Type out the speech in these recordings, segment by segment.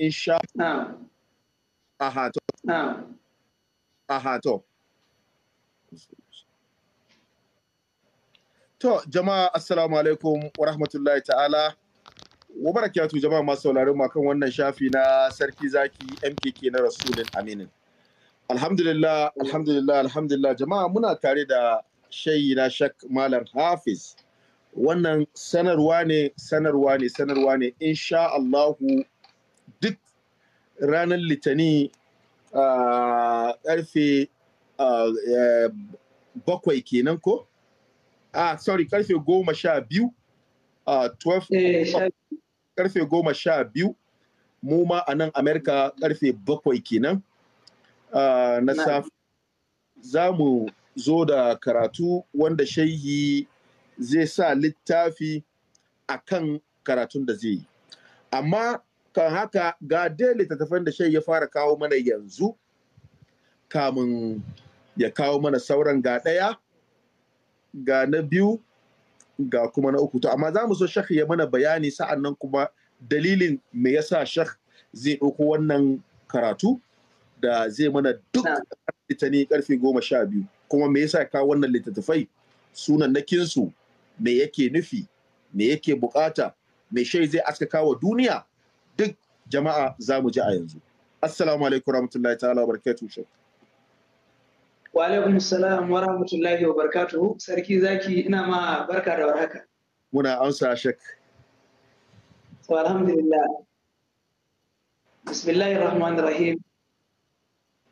insha aha to aha to to jama'a assalamu alaikum wa rahmatullahi ta'ala wa barakatu jama'a masu sauraron mu kan wannan shafi na sarki zaki MKK na Rasulun Aminu. alhamdulillah alhamdulillah alhamdulillah jama'a muna tare da shayi na shak malam hafiz wannan sanarwa ne sanarwa ne sanarwa ne insha Allahu ranar litani karfe bakwai kenan ko? Ah, sorry, karfe goma sha biyu. Karfe eh, goma sha biyu. Mu ma a nan Amerika karfe bakwai kenan. Na safi Za mu zo da karatu wanda shaihi zai sa littafi a kan karatun da zai yi. Amma kan haka ga dai littattafan da shai ya fara kawo mana yanzu kamun ya kawo mana sauran ga ɗaya ga na biyu ga kuma na uku to amma za mu so shak ya mana bayani sa'an kuma dalilin me yasa shak zai ɗauko wannan karatu da zai mana duk litani karfe goma sha biyu kuma me yasa kawo wannan littattafai sunan na kinsu me yake nufi me yake bukata me shai zai askaka wa duniya duk jama'a za mu ji a yanzu assalamu alaikum warahmatullahi ta'ala barakatuhu shek wa alaikum salam wa rahmatullahi wa barkatu sarki zaki ina ma barka da warhaka muna amsa shek to alhamdulillah bismillahir rahman rahim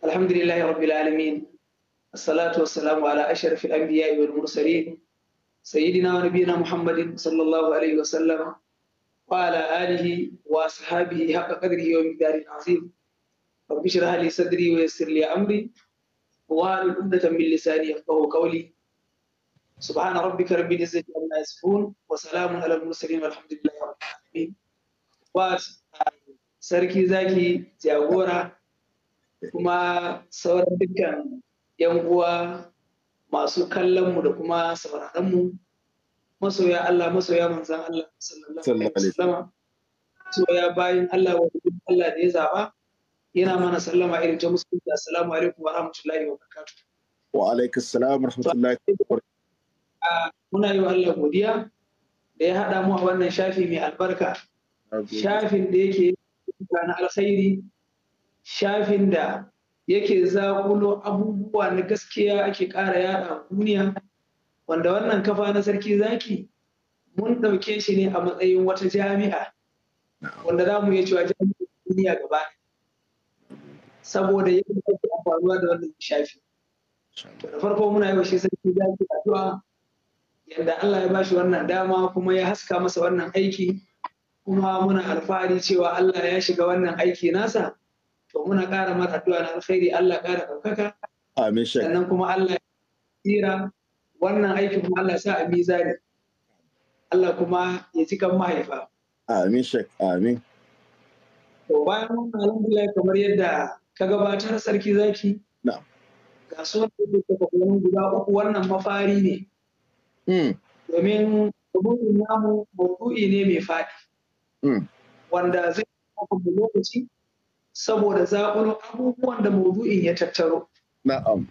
alhamdulillahi rabbil alamin ala والسلام على أشرف الأنبياء والمرسلين سيدنا ونبينا Muhammadin, sallallahu alaihi wa sallam. وعلى آله وأصحابه حق قدره ومقدار العظيم رب اشرح لي صدري ويسر لي أمري واحلل عقدة من لساني يفقهوا قولي سبحان ربك رب العزة عما يصفون وسلام على المرسلين والحمد لله رب العالمين وسركي زاكي jagora kuma صورتك dukkan yan uwa masu kallonmu صورتك masoya Allah masoya manzan Allah sallallahu alaihi wasallam masoya bayin Allah wa Allah da ya zaba yana mana sallama irin ta musulunci assalamu alaikum wa rahmatullahi wa barakatuh wa alaikum assalam wa rahmatullahi wa barakatuh ah, muna yi wa Allah godiya da ya hada mu a wannan shafi mai albarka shafin da yake na alkhairi shafin da yake zaƙulo abubuwa na gaskiya ake ƙara yada duniya wanda wannan kafa na sarki zaki mun ɗauke shi ne a matsayin wata jami'a wanda za mu iya cewa jami'a duniya gaba saboda yadda ake amfanuwa da wannan shafi to da farko muna yi shi sarki zaki addu'a yadda Allah ya bashi wannan dama kuma ya haska masa wannan aiki kuma muna alfahari cewa Allah ya shiga wannan aiki nasa to muna ƙara mata addu'a na alkhairi Allah ƙara ɗaukaka sannan kuma Allah ya tsira wannan aikin kuma Allah sa a mizani Allah kuma ya ji kan mahaifa amin shek amin to bayan wannan alhamdulillah kamar yadda ka gabatar sarki zaki na'am ga sunan da ke guda uku wannan mafari ne hmm. domin rubutun namu maudu'i ne mai faɗi hmm. wanda zai da lokaci saboda zaɓin abubuwan da maudu'in ya tattaro na'am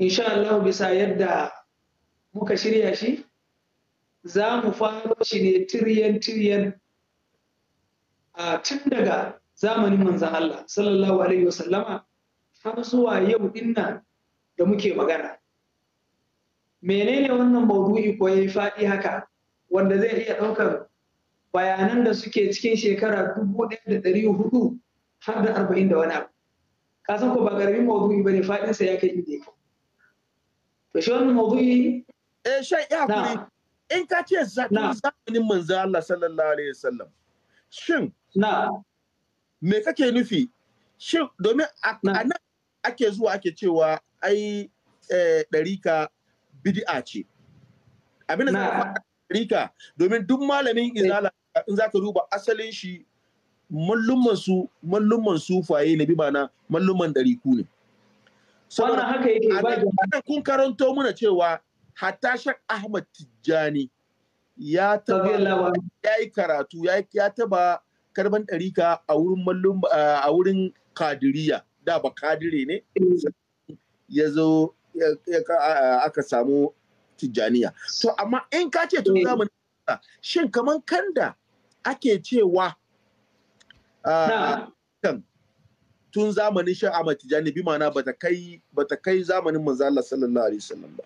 insha Allah bisa yadda muka shirya shi za mu faro shi ne tiriyan tiriyan a tun daga zamanin manzan Allah sallallahu alaihi wasallama har zuwa yau dinnan da muke magana menene wannan maudu'i ko yayi faɗi haka wanda zai iya ɗaukar bayanan da suke cikin shekara dubu ɗaya da har da arba'in da wani abu ka ko ba ƙaramin maudu'i ba ne faɗinsa ya kai inda ya to shi maudu'i eh shan iya hakuri in ka ce zamanin manzo Allah sallallahu alaihi wasallam shin na me kake nufi shin domin a nan ake zuwa ake cewa ai eh, ɗarika bid'a ce abin da za ɗarika domin duk malamin eh. izala in za ka duba asalin shi mallumman su mallumman sufaye ne bi mana mallumman ɗariku ne wannan haka kun karanto mana cewa hatta shak ahmad tijjani ya taba ya yi karatu ya taba karban ɗarika a wurin mallum a wurin kadiriya da ba kadire ne eh. ya zo aka samu tijjaniya to amma in ka ce tun eh. da shin kamar kanda ake cewa kan tun zamanin shi Ahmad Tijani bi ma'ana ba ta kai zamanin manzo Allah sallallahu alaihi wasallam ba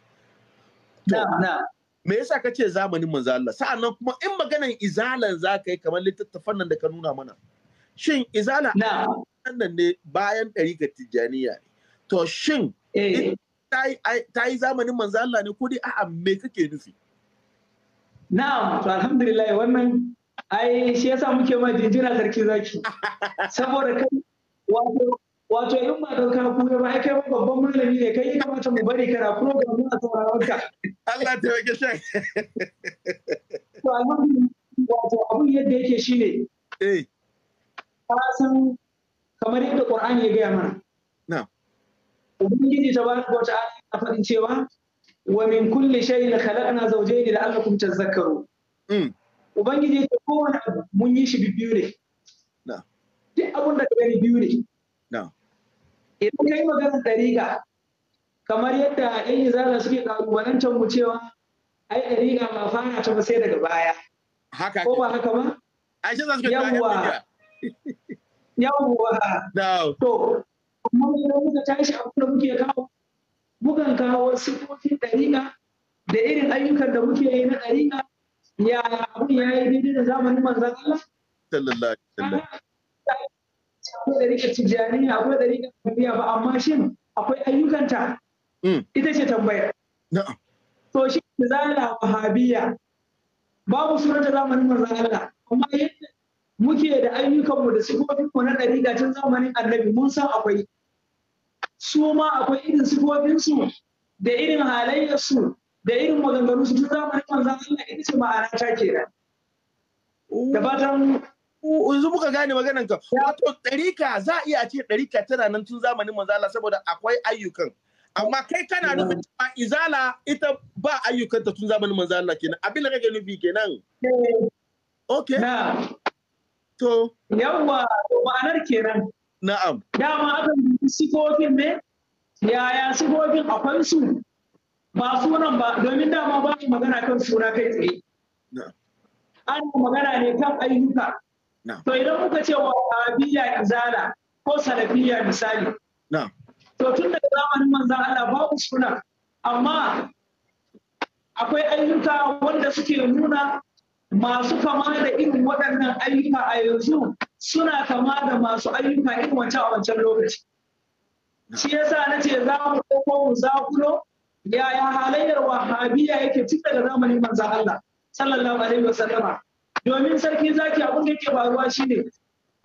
Na. me yasa kace zamanin manzo Allah sa'annan kuma in maganan izalan za ka yi kamar littattafan nan da ka nuna mana shin izala nan ne bayan ɗari ga Tijaniya? ne to shin eh. ta yi zamanin manzo Allah ne ko dai a'a me kake nufi na'am to alhamdulillah wannan ai shi yasa muke ma jinjina sarki zaki saboda kai wato wato in ba dauka kura ba kai babban malami ne kai ya kamata mu bari kana program na sauraron ka Allah ta yake shan wato abun yadda yake shi ne. Eh. ka san kamar yadda ƙur'ani ya gaya mana na'am ubangiji tabaraka wa ta'ala yana faɗin cewa wa min kulli shay'in khalaqna zawjayn la'allakum tadhakkarun mm. ubangiji ta kowane mun yi shi bibiyu ne duk abin da ka gani biyu ne idan ka yi maganar ɗariƙa kamar yadda yan izala suke ƙalubalantar mu cewa ai ɗariƙa ba fara ta ba sai daga baya haka ko ba haka ba ai sai zasu yawwa yawwa to amma idan muka tashi abin da muke kawo mukan kawo sifofin ɗariƙa da irin ayyukan da muke yi na ɗariƙa ya abin ya yi daidai da zamanin manzan Allah sallallahu alaihi wasallam akwai ɗariƙar tijjaniya akwai ɗariƙar tafiya ba amma shin akwai ayyukanta mm. ita ce tambayar to shi zala wahabiya babu surar da zamanin manzon Allah amma yadda muke da ayyukanmu da sifofinmu na ɗariƙa tun zamanin annabi mun san akwai su ma akwai irin sifofinsu da irin halayyarsu da irin maganganunsu tun zamanin manzon Allah ita ce ma'ana ta kenan da fatan yanzu muka gane maganan ka wato ɗarika za a iya ce ɗarika tana nan tun zamanin manzala saboda akwai ayyukan amma kai kana nufin cewa izala ita ba ayyukan ta tun zamanin manzala kenan abin da kake nufi kenan okay to yawwa ma'anar kenan na'am dama akan sifofin ne yaya sifofin akwai su ba sunan ba domin dama ba magana kan suna kai tsaye ana magana ne kan ayyuka to idan muka ce wa wahabiyya izala ko salafiyya misali to tun daga zamanin manzan Allah babu suna amma akwai ayyuka wanda suke nuna masu kama da irin waɗannan ayyuka a yanzu suna kama da masu ayyuka irin wancan a wancan lokaci. Shi yasa na ce za mu ɗauko mu zakulo yaya halayyar wahabiya yake tun daga zamanin manzan Allah sallallahu alaihi wa sallama domin sarki zaki abin da yake faruwa shi ne.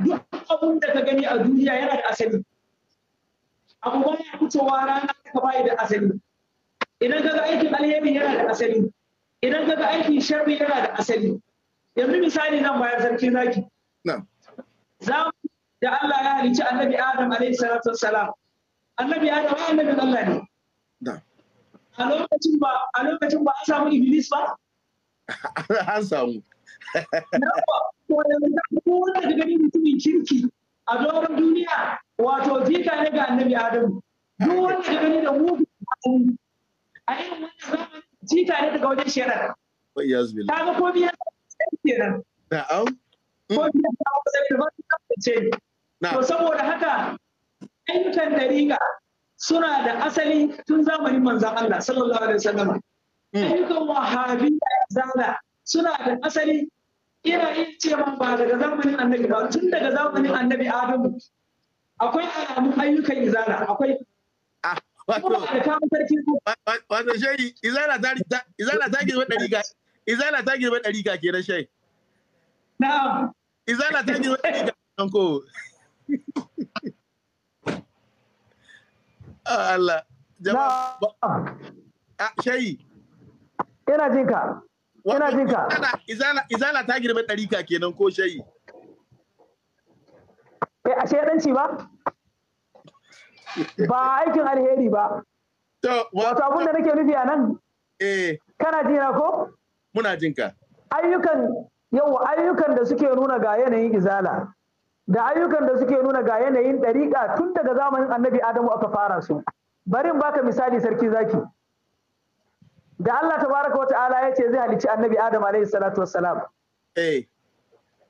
duk abin da ka gani a duniya yana da asali abu ba baya fitowa rana ka bayi da asali idan ka ga aikin alheri yana da asali idan ka ga aikin sharri yana da asali yanzu misali nan bayan sarki zaki za mu da Allah ya halicci annabi Adam alaihi salatu wassalam annabi Adam ai annabin Allah ne a lokacin ba a lokacin ba an samu iblis ba an samu Kowa da gani mutumin kirki a doron duniya wato jika ne ga annabi Adamu. Duk wanda da gani da mugu a irin wannan zamanin jika ne daga wajen shirar. Ta ga ko biya kenan. Na'am. Ko biya ta wajen da ba ce. To saboda haka ayyukan dariƙa suna da asali tun zamanin manzan Allah sallallahu alaihi wasallam. Hmm. Ayyukan wahabi da zana suna da asali ina iya ce man ba daga zamanin annabi ba tun daga zamanin annabi adamu akwai alamun ayyukan izala akwai ah, wato shayi izala ta izala ta girma ɗari ga izala ta girma ɗari ga kenan shayi na'am izala ta girma ɗari ga kenan ko ah, Allah jama'a ah, shayi ina jinka Yana jin ka. Izala ta girma ka kenan ko shayi. Kai eh, ashe ɗanci ba? Ba aikin alheri ba. Wato abin da nake nufi a nan? Eh. Kana jina ko? Muna jin ka. Ayyukan yawa ayyukan da suke nuna ga yanayin izala. Da ayyukan da suke nuna ga yanayin ɗariƙa tun daga zamanin annabi Adamu aka fara su. Barin baka misali sarki zaki. da Allah tabaraka wa ta'ala ya ce zai halicci annabi Adam alaihi salatu wassalam eh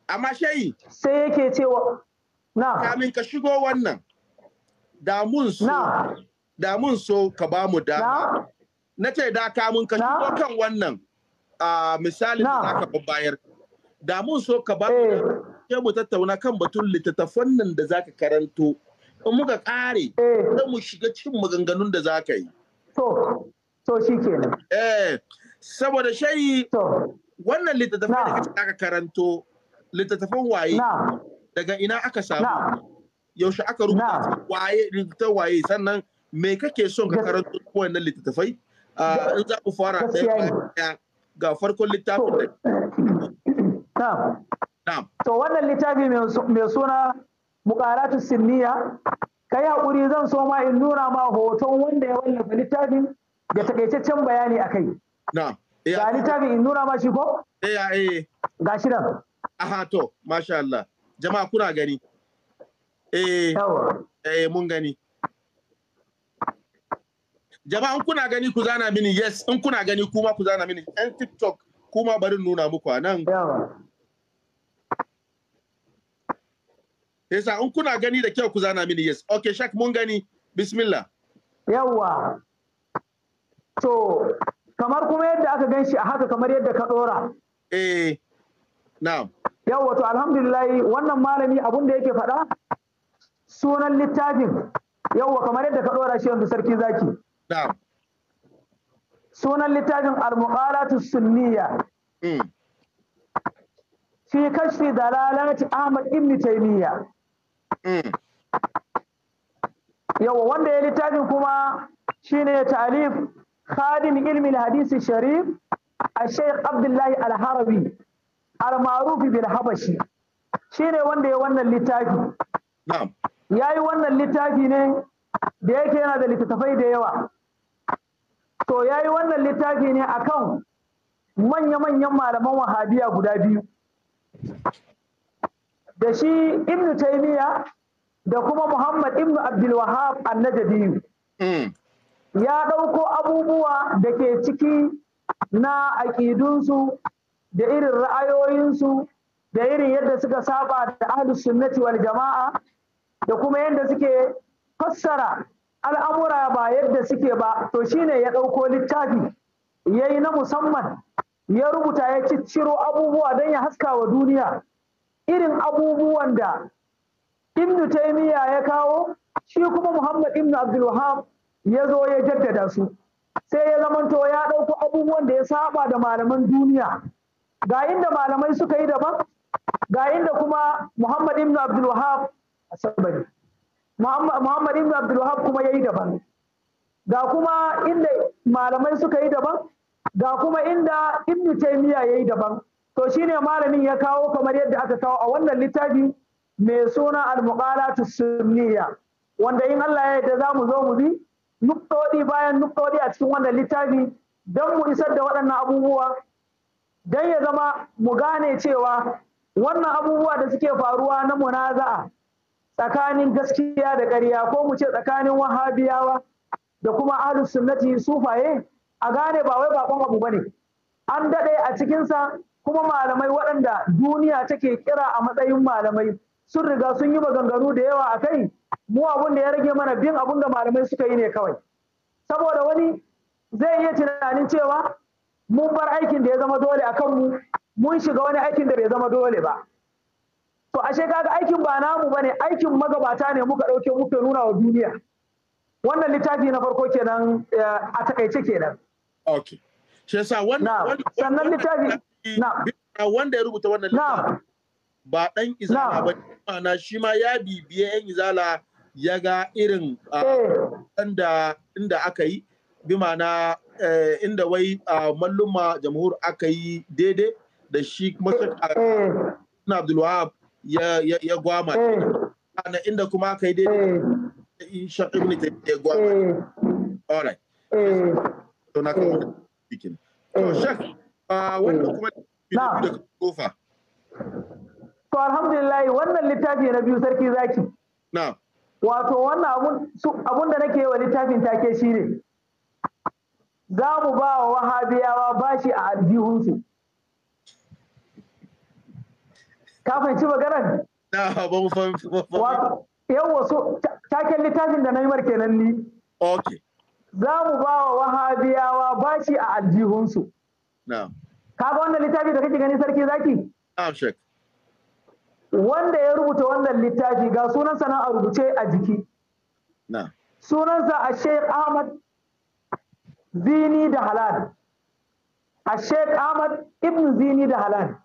amma shayi sai yake cewa na kamin ka shigo wannan da mun so da mun so ka ba mu dama na ce da kamin ka shigo kan wannan a misalin da za aka bayar da mun so ka ba mu eh. sai mu tattauna kan batun littattafan nan da ka karanto in muka kare eh. sai mu shiga cin maganganun da za ka yi to so shi kenan. Eh, saboda shayi wannan littattafai da kake aka karanto littattafan waye daga ina aka samu yaushe aka rubuta waye rubuta waye sannan me kake son ka karanto wannan littattafai ah, in za ku fara ɗaya ga farkon littafin da to wannan littafi mai suna mukaratu sinniya kai haƙuri zan so ma in nuna ma hoton wanda ya wallafa littafin da takaitaccen bayani a kai. Na. ta eh, littafin in nuna ma shi ko? Eh eh. Ga shi nan. Aha to, masha Allah. Jama'a kuna gani. Eh. Eh mun gani. Jama'a in kuna gani ku zana mini yes, in kuna gani kuma ku zana mini. Yan TikTok kuma bari nuna muku a nan. Yasa in kuna gani da kyau ku zana mini yes. Okay, Shak mun gani. Bismillah. Yawwa. To, kamar kuma yadda aka gan shi a haka kamar yadda ka ɗora. Eh, na'am. Yawwa to alhamdulillahi wannan malami abun da yake faɗa sunan littafin yawwa kamar yadda ka ɗora shi yanzu sarki zaki. Na'am. Sunan littafin al-muqalatu sunniya. Hmm. Fi kashfi dalalati Ahmad ibn Taymiyyah. Hmm. Yawwa wanda ya littafin kuma shine ta'alif خادم علم الحديث الشريف الشيخ عبد الله الهروي المعروف بالحبشي shine wanda ya wannan littafi ya yi wannan littafi ne da yake yana da littattafai da yawa to ya yi wannan littafi ne akan manya-manyan malaman wahabiya guda biyu da shi ibn taimiya da kuma muhammad ibn abdulwahab annajadiyu ya ɗauko abubuwa da ke ciki na aƙidunsu da irin ra'ayoyinsu da irin yadda suka saba da ahlus sunnati wani jama'a da kuma yadda suke fassara al'amura ba yadda suke ba to shine ya ɗauko littafi ya yi na musamman ya rubuta ya cicciro abubuwa don ya haska wa duniya irin abubuwan da ibnu taimiyya ya kawo shi kuma muhammad ibnu abdul wahab ya zo ya jaddada su sai ya zamanto ya ɗauko abubuwan da ya saba da malaman duniya ga inda malamai suka yi daban ga inda kuma Muhammad ibn Abdul Wahab asabari Muhammad ibn Abdul Wahab kuma yayi daban ga kuma inda malamai suka yi daban ga kuma inda Ibn Taymiya yayi daban to shine malamin ya kawo kamar yadda aka kawo a wannan littafi mai suna al muqalatus sunniya wanda in Allah ya yarda za mu zo mu bi nuktodi bayan nuktodi a cikin wannan littafi don mu isar da waɗannan abubuwa don ya zama mu gane cewa wannan abubuwa da suke faruwa na munaza'a tsakanin gaskiya da ƙarya ko mu ce tsakanin wahabiyawa da kuma ahlus sunnati sufaye a gane ba wai bakon abu bane an daɗe a cikinsa kuma malamai waɗanda duniya take kira a matsayin malamai sun riga sun yi maganganu da yawa a kai mu abun da ya rage mana bin abun da malamai suka yi ne kawai saboda wani zai iya tunanin cewa mun bar aikin da ya zama dole a kanmu mun shiga wani aikin da bai zama dole ba to ashe kaga aikin ba namu ne aikin magabata ne muka ɗauke muka nuna wa duniya wannan littafi na farko kenan eh, a takaice kenan okay shi yasa wannan sannan littafi na wanda ya rubuta wannan littafi ba ɗan izala ba ana shi ma ya bibiye yan izala ya ga irin eh. inda inda aka yi bi ma'ana eh, inda wai malluma jamhur aka yi daidai da shi masar eh. abdulwahab ya gwama ana inda kuma aka yi daidai in sha ta ya gwama alright to na kawo cikin to shak wanda kuma da kofa to alhamdulillah wannan littafi na biyu sarki zaki wato wannan abun da nake wa littafin take shi ne za mu ba wa wahabiyawa bashi a aljihunsu Ka ci maganar yawa wasu taken littafin da na yi kenan ni za mu ba wa wahabiyawa bashi a aljihunsu ga wannan littafi da kake gani sarki zaki wanda ya rubuta wannan littafi ga sunansa na a rubuce a jiki sunansa a sheikh ahmad zini da halal a sheikh ahmad ibn zini da halal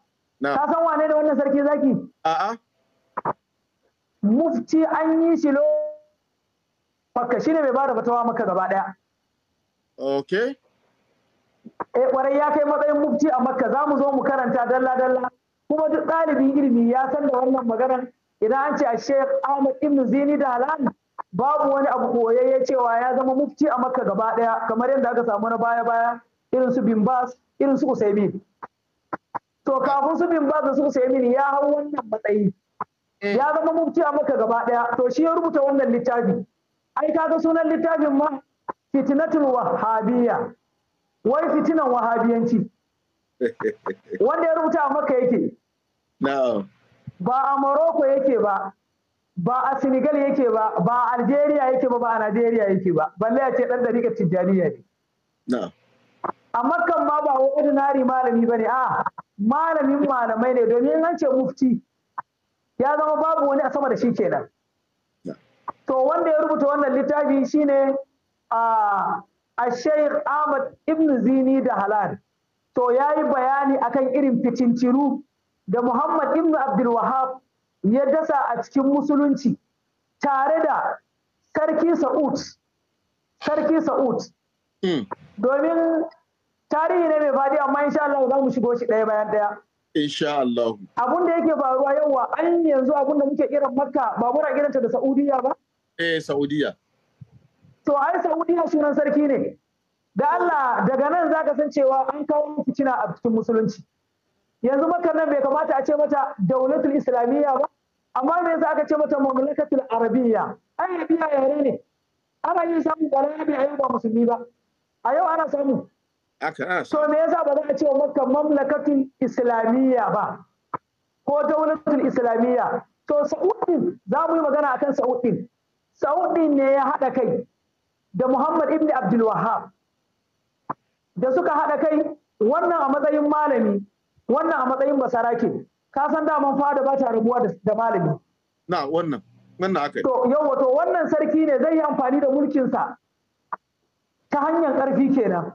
ka san wane da wannan sarki zaki a'a mufti an yi shi lo shi ne bai bada fatawa maka gaba daya Ok. eh kwarai ya kai matsayin mufti a makka za mu zo mu karanta dalla dalla kuma duk ɗalibin ilimi ya san da wannan maganar idan an ce a sheikh ahmad ibn zini da babu wani abu koyayye cewa ya zama mufti a makka gaba ɗaya kamar yadda aka samu na baya baya irin su bin bas irin su usaimin to kafin su bin bas da su usaimin ya hau wannan matsayi eh. ya zama mufti a makka gaba ɗaya to shi ya rubuta wannan littafi ai kaga sunan littafin ma fitnatul wahabiyya wai fitinan wahabiyanci wanda ya rubuta a maka yake ba a morocco yake ba ba a senegal yake ba ba a algeria yake ba ba a nigeria yake ba balle ya ce dan dariƙar tijjaniya ne a makan ma ba wani ordinary malami ba ne a malamin malamai ne domin an ce mufti ya zama babu wani a sama da shi kenan to wanda ya rubuta wannan littafi shine a a Sheikh Ahmad Ibn Zini da Halal to ya yi bayani akan irin ficinciru da Muhammad ibn Abdul Wahab ya dasa a cikin musulunci tare da sarki Sa'ud. Sarki Sa'ud. Hmm. Domin tarihi ne mai fadi amma insha Allah za mu shigo shi ɗaya bayan ɗaya. Insha Allah. Abun da yake faruwa yawa an yanzu abun da muke kiran Makka ba muna kiranta da Saudiya ba? Eh Saudiya. To ai Saudiya sunan sarki ne. da Allah daga nan zaka san cewa an kawo fitina a cikin musulunci yanzu makar nan bai kamata a ce mata daulatul islamiyya ba amma me yasa aka ce mata mamlakatul arabiyya arabiya yare ne ana yin samun balarabi a yau ba musulmi ba a yau ana samu to me yasa ba za a ce maka mamlakatul islamiyya ba ko daulatul islamiyya to sa'udin za mu yi magana akan sa'udin sa'udin ne ya haɗa kai da muhammad ibn abdul da suka haɗa kai wannan a matsayin malami wannan a matsayin basarake ka san daman fada ba ta rabuwa da malami na wannan wannan aka to yawa to wannan sarki ne zai yi amfani da mulkinsa ta hanyar ƙarfi kenan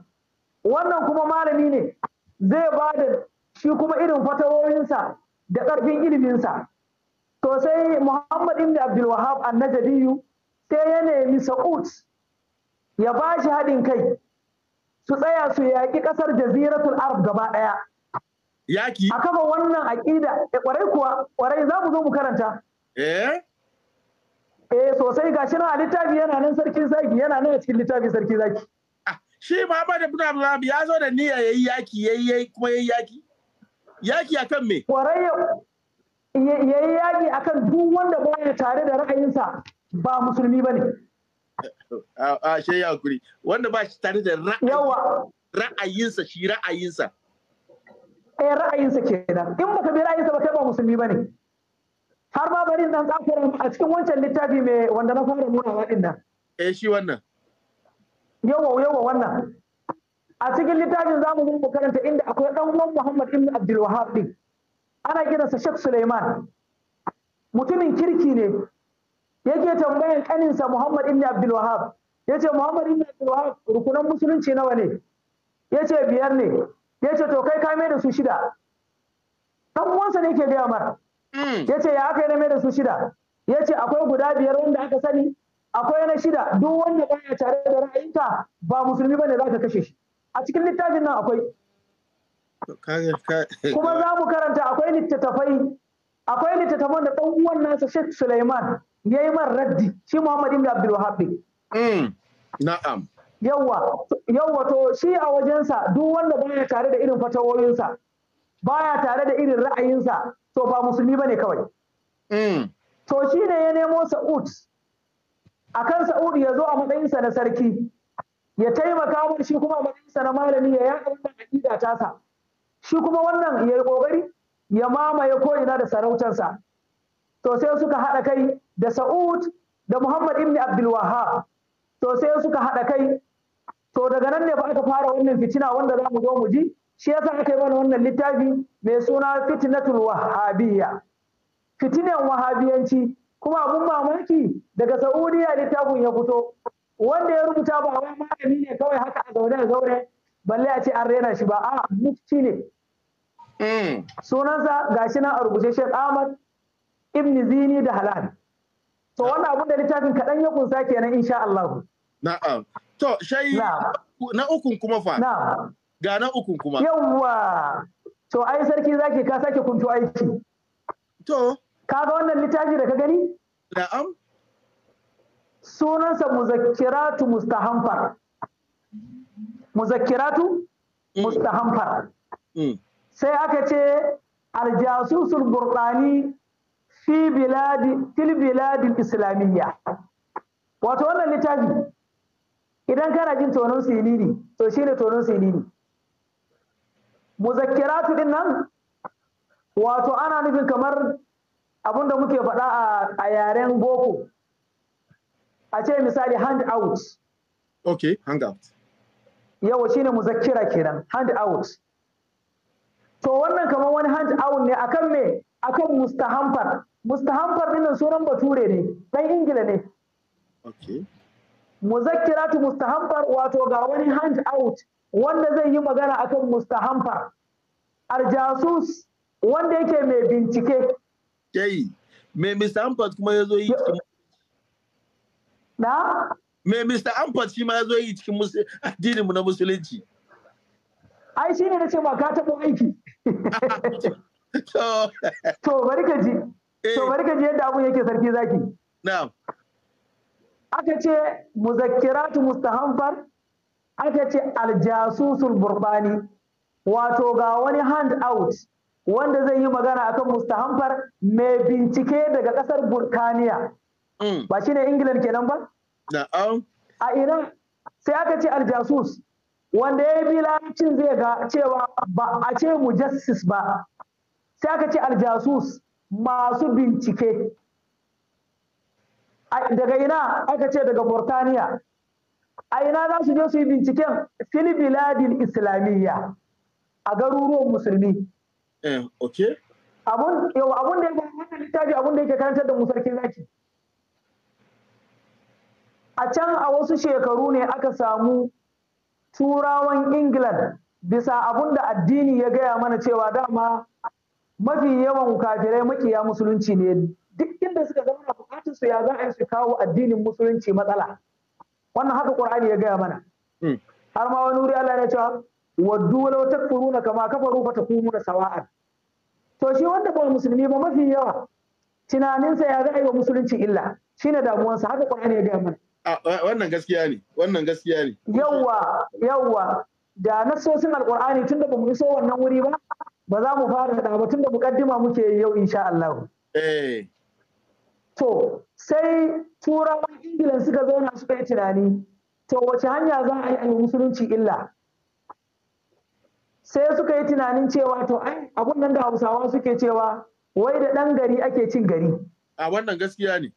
wannan kuma malami ne zai ba da shi kuma irin fatawoyinsa da ƙarfin iliminsa to sai muhammad ibn abdul wahab annajadiyu sai ya nemi sa'ud ya ba shi haɗin kai su tsaya su yaƙi ƙasar jaziratul arab gaba ɗaya Yaƙi? a kafa wannan aƙida eh, ƙwarai kuwa ƙwarai za mu zo mu karanta eh eh sosai shi na littafi yana nan sarki zaki yana nan a cikin littafi sarki zaki ah, shi Muhammad ibn Abdullah ya zo da niyya yayi yaƙi yayi kuma yayi yaƙi. Yaƙi akan me Ƙwarai yayi yaƙi akan duk wanda baya tare da ra'ayinsa ba musulmi bane a shi ya kuri wanda ba shi tare da ra'ayinsa shi ra'ayinsa eh ra'ayinsa kenan in baka bi ra'ayinsa ba kai ba musulmi bane har ba bari dan tsakura a cikin wancan littafi me wanda na fara nuna wa nan eh shi wannan yawa yawa wannan a cikin littafin za mu mu karanta inda akwai dan uwan Muhammad ibn Abdul Wahhab din ana kiransa Sheikh Suleiman mutumin kirki ne yake tambayan kaninsa Muhammad ibn Abdul Wahhab yace Muhammad ibn Abdul Wahhab rukunan musulunci nawa ne yace biyar ne yace to kai ka mai da su shida dan uwansa ne yake gaya mara hmm. yace ya aka yi na mai da su shida yace akwai guda biyar wanda aka sani akwai na shida duk wanda baya tare da ra'ayinka ba musulmi bane zaka kashe shi a cikin littafin nan akwai kuma za mu karanta akwai littattafai akwai littattafan da dan uwan nasa Sheikh Suleiman ya yi man raddi shi Muhammad ibn Abdul Wahab mm. na'am yawa to shi a wajensa duk wanda baya tare da irin fatawoyinsa baya tare da irin ra'ayinsa to ba musulmi ba ne kawai mm. to shi ne ya nemo Sa'ud akan Sa'ud ya zo a matsayinsa na sarki ya taimaka mun shi kuma a matsayinsa na malami ya yaɗa wannan aƙida tasa shi kuma wannan ya yi ƙoƙari ya mamaye ko ina da sarautarsa to sai suka haɗa kai da Sa'ud da Muhammad ibn Abdul Wahhab to sai suka haɗa kai to daga nan ne ba aka fara wannan fitina wanda za mu zo mu ji shi yasa aka yi mana wannan littafi mai suna fitnatul wahabiyya fitinan wahabiyanci kuma abun mamaki daga Saudiya littafin ya fito wanda ya rubuta ba wai malami ne kawai haka a zaune a zaune balle a ce an rena shi ba a mufti ne hmm. sunansa gashi nan a rubuce Sheikh Ahmad ibn zini da halal to wani abun da littafin kaɗan ya kunsa kenan insha Allah na'am to shai na ukun kuma fa na'am ga na ukun kuma yawwa to ai sarki zaki ka sake kuntu aiki to ka ga wannan littafi da ka gani na'am sunansa muzakkiratu mustahamfar muzakkiratu mm. mustahamfar mm. sai aka ce aljasusul burɗani fi biladi fil islamiyya wato wannan littafi idan kana jin tonon silili to shine tonon silili muzakkiratu din nan wato ana nufin kamar abin da muke faɗa a yaren boko a ce misali hand out Ok, hand out yawa shine muzakkira kenan hand out to wannan kamar wani hand out ne akan me akan mustahamfar mustahamfar dinnan sunan bature ne dan ingila ne muzakkiratu mustahamfar wato ga wani hand out wanda zai yi magana akan mustahamfar aljasus wanda yake mai bincike yayi me Mr. Amfat kuma ya zo yi cikin na me Mr. Amfat shi ma ya zo yi cikin addinin mu na musulunci ai shine nace ba ka taɓa aiki to bari ka ji to eh. bari ka ji yadda abun yake sarki zaki na'am aka ce muzakkiratu mustahanfar aka ce aljasusul burbani wato ga wani hand out wanda zai yi magana akan mustahanfar mai bincike daga kasar burkaniya mm. ba shi ne england kenan ba a ina sai aka ce aljasus wanda ya bi larabcin zai ga cewa ba a ce mu Justice ba sai aka ce aljasus masu bincike daga ina aka ce daga burtaniya a ina za su je su yi binciken fil biladin islamiyya a garuruwan musulmi eh, abun yau abun da ya wannan littafi abun da yake karantar da musarkin zaki a can a wasu shekaru ne aka samu turawan england bisa abun da addini ya gaya mana cewa dama mafi yawan kafirai makiya musulunci ne duk inda suka zama na bukatun su ya za a yi su kawo addinin musulunci matsala wannan haka qur'ani ya gaya mana hmm. har ma wani wuri Allah ya ce waddu law takfuruna kama kafaru fa takununa sawa'an to shi wanda ba musulmi ba mafi yawa tunaninsa ya za a yi wa musulunci illa shine damuwansa haka qur'ani ya gaya mana wannan gaskiya ne wannan gaskiya ne yawwa yawwa da nasosin alqur'ani tunda ba mu iso wannan wuri ba ba za mu fara da ba tunda mukaddima muke yi yau insha Allah eh to sai turawan ingila suka zauna suka yi tunani to wace hanya za a yi a musulunci illa sai suka yi tunanin cewa to ai abun nan da hausawa suke cewa wai da ɗan gari ake cin gari a wannan gaskiya ne